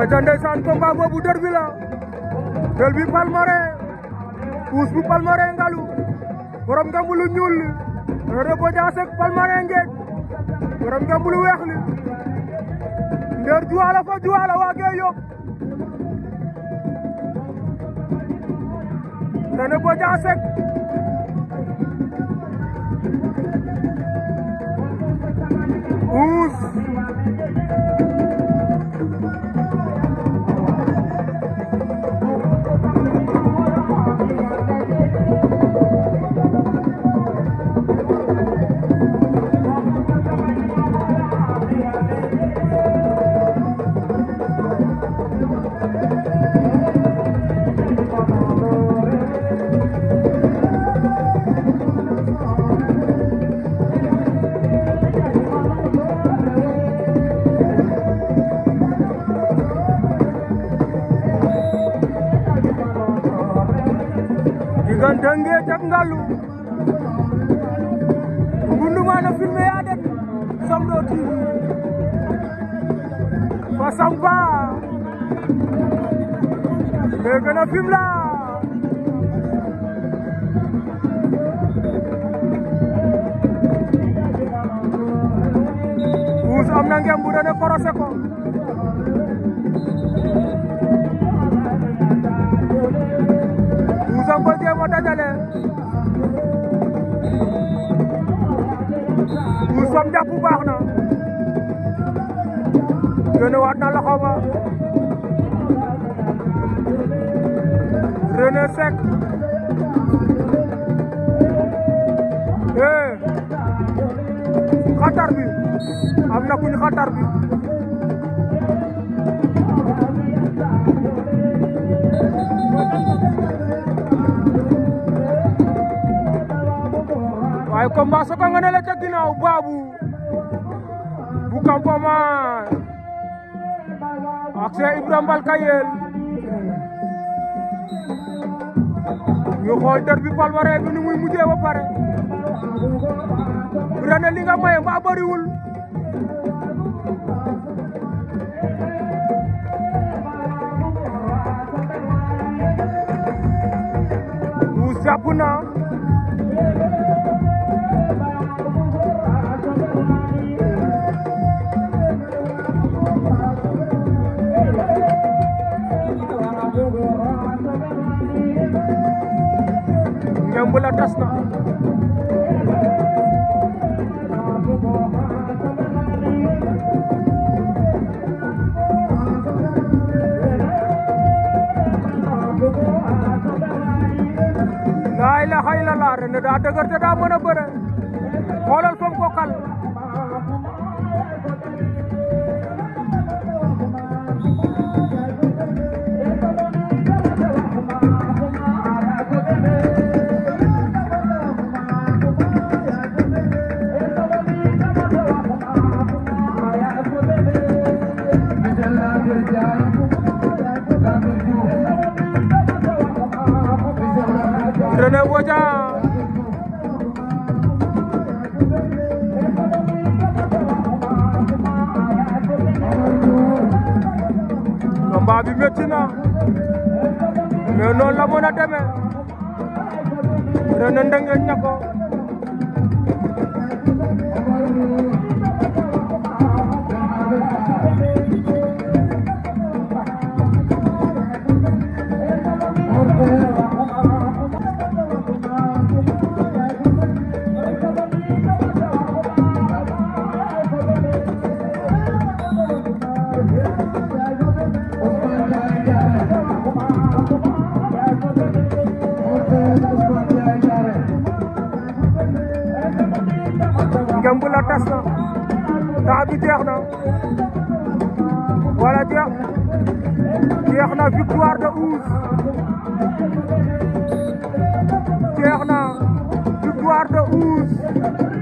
aca ndeysaan combat boobu dër bi la dër bi Palmarin puus bu Palmarin ngalu borom nga mbulu ñuul li Rebeu Diasse ak Palmarin ngeej borom nga mbulu weex li ndeer juwaala fa juwaala waa gee yóbbu te Rebeu Diasse puus diggante Nguethie ak Ngalu Ngoundoumane filmé yaa det Zambro TV fa sampa léegi na film la Ousse am na ngeen bu doon korose ko mu som jàpp baax na René waat na a ba René Seck eh xatar bi am na kuñ xatar bi waaye combat soko nga ne la ca ginnaaw baabu bu campement ak Cheikh Ibrahima Mbalkayel ñu xool dër bi palmarès bi ni muy mujjee ba pare Birane li nga maye mbaa bëriwul jàpp ngemb la tas na laa ilaaha illallaah ren daa dëgër te daa mën a bëre xoolal fam ko kal Kodja combat bi métti na mais noonu la mën a demee ren ndenge na ko ngemb la tas na bi jeex wala jeex jeex victoire de Ouze jeex victoire de Ouze